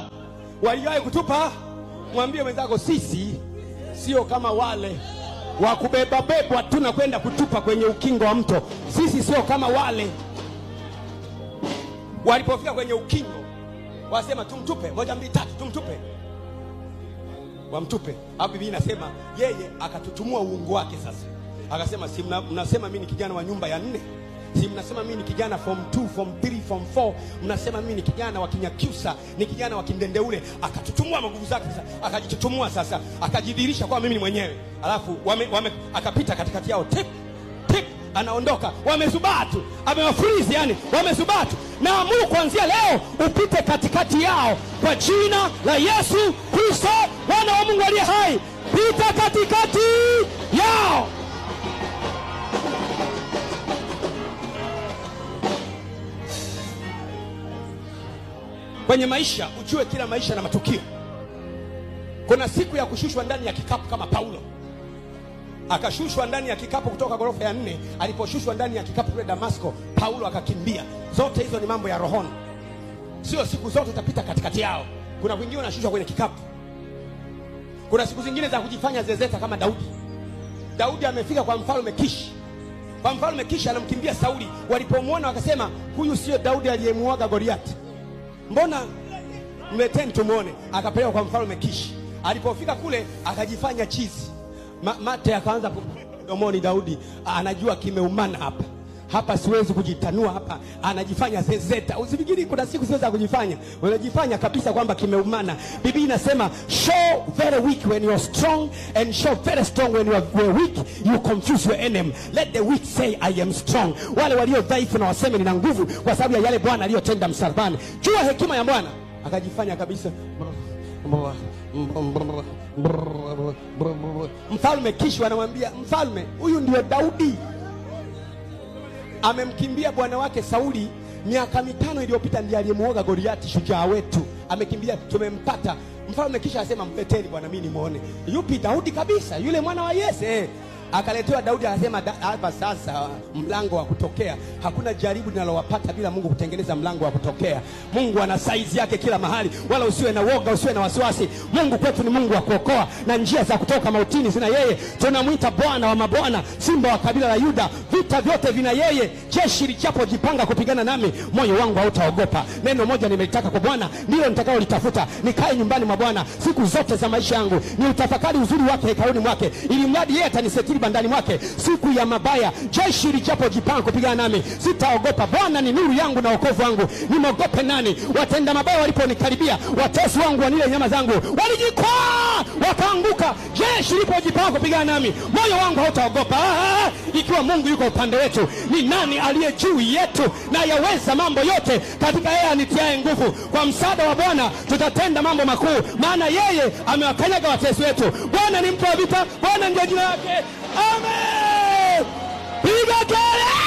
kutupa, waliwahi kutupa. Mwambie wenzako, sisi sio kama wale wa kubeba bebwa tu na kwenda kutupa kwenye ukingo wa mto. Sisi sio kama wale walipofika kwenye ukingo, wasema tumtupe, moja mbili tatu, tumtupe, wamtupe. Hapo Biblia nasema yeye akatutumua uungu wake. Sasa akasema si mnasema mimi ni kijana wa nyumba ya nne? si mnasema mimi ni kijana form 2 form 3 form 4 mnasema mimi ni kijana wa kinyakyusa ni kijana wa kimdendeule akatutumua maguvu zake sasa akajitutumua sasa akajidhihirisha kwa mimi ni mwenyewe alafu wame, wame, akapita katikati yao tip tip anaondoka wamezubatu amewafurizi yani wamezubatu naamuru kuanzia leo upite katikati yao kwa jina la yesu kristo bwana wa mungu aliye hai pita katikati yao Kwenye maisha ujue kila maisha na matukio. Kuna siku ya kushushwa ndani ya kikapu kama Paulo akashushwa ndani ya kikapu kutoka ghorofa ya nne. Aliposhushwa ndani ya kikapu kule Damasko, Paulo akakimbia. Zote hizo ni mambo ya rohoni, sio siku zote utapita katikati yao. Kuna kwingine unashushwa kwenye kikapu, kuna siku zingine za kujifanya zezeta kama Daudi. Daudi amefika kwa mfalme Kishi, kwa mfalme Kishi anamkimbia Sauli. Walipomwona wakasema, huyu sio Daudi aliyemuaga goriati mbona mleteni tumwone. Akapelekwa kwa mfalme Kishi. Alipofika kule akajifanya chizi, mate akaanza kumdomoni. Daudi anajua kimeumana hapa hapa siwezi kujitanua hapa, anajifanya zezeta. Usifikiri kuna siku siweza kujifanya, unajifanya kabisa kwamba kimeumana. Biblia inasema show very weak when you are strong and show very strong when you are weak, you confuse your enemy. Let the weak say I am strong, wale walio dhaifu na waseme nina nguvu, kwa sababu ya yale Bwana aliyotenda msalabani. Jua hekima ya Bwana, akajifanya kabisa mfalme. Kishwa anamwambia mfalme, huyu ndio Daudi amemkimbia bwana wake Sauli miaka mitano iliyopita, ndiye aliyemuoga Goliati, shujaa wetu, amekimbia, tumempata. Mfalme kisha asema, mleteni bwana, mimi nimuone. Yupi? Daudi kabisa, yule mwana wa Yese, eh. Akaletewa Daudi, akasema hapa sasa mlango wa kutokea. Hakuna jaribu linalowapata bila Mungu kutengeneza mlango wa kutokea. Mungu ana saizi yake kila mahali, wala usiwe na woga, usiwe na wasiwasi. Mungu kwetu ni Mungu wa kuokoa, na njia za kutoka mautini zina yeye. Tunamwita Bwana wa mabwana, Simba wa kabila la Yuda. Vita vyote vina yeye, jeshi lichapo jipanga kupigana nami, moyo wangu hautaogopa. Neno moja nimelitaka kwa Bwana, ndilo nitakaolitafuta, nikae nyumbani mwa Bwana siku zote za maisha yangu, ni utafakari uzuri wake hekaluni mwake, ili mradi yeye atanisetiri akiba ndani mwake siku ya mabaya. Jeshi lijapo jipanga kupigana nami sitaogopa. Bwana ni nuru yangu na wokovu wangu, nimeogope nani? Watenda mabaya waliponikaribia, watesi wangu wanile nyama zangu, walijikwaa wakaanguka. Jeshi lipojipanga kupigana nami, moyo wangu hautaogopa. Ah, ah, ah. ikiwa Mungu yuko upande wetu, ni nani aliye juu yetu? Na yaweza mambo yote katika yeye anitiaye nguvu. Kwa msaada wa Bwana tutatenda mambo makuu, maana yeye amewakanyaga watesi wetu. Bwana ni mtu wa vita, Bwana ndio jina lake. Amém! Brigadeiro!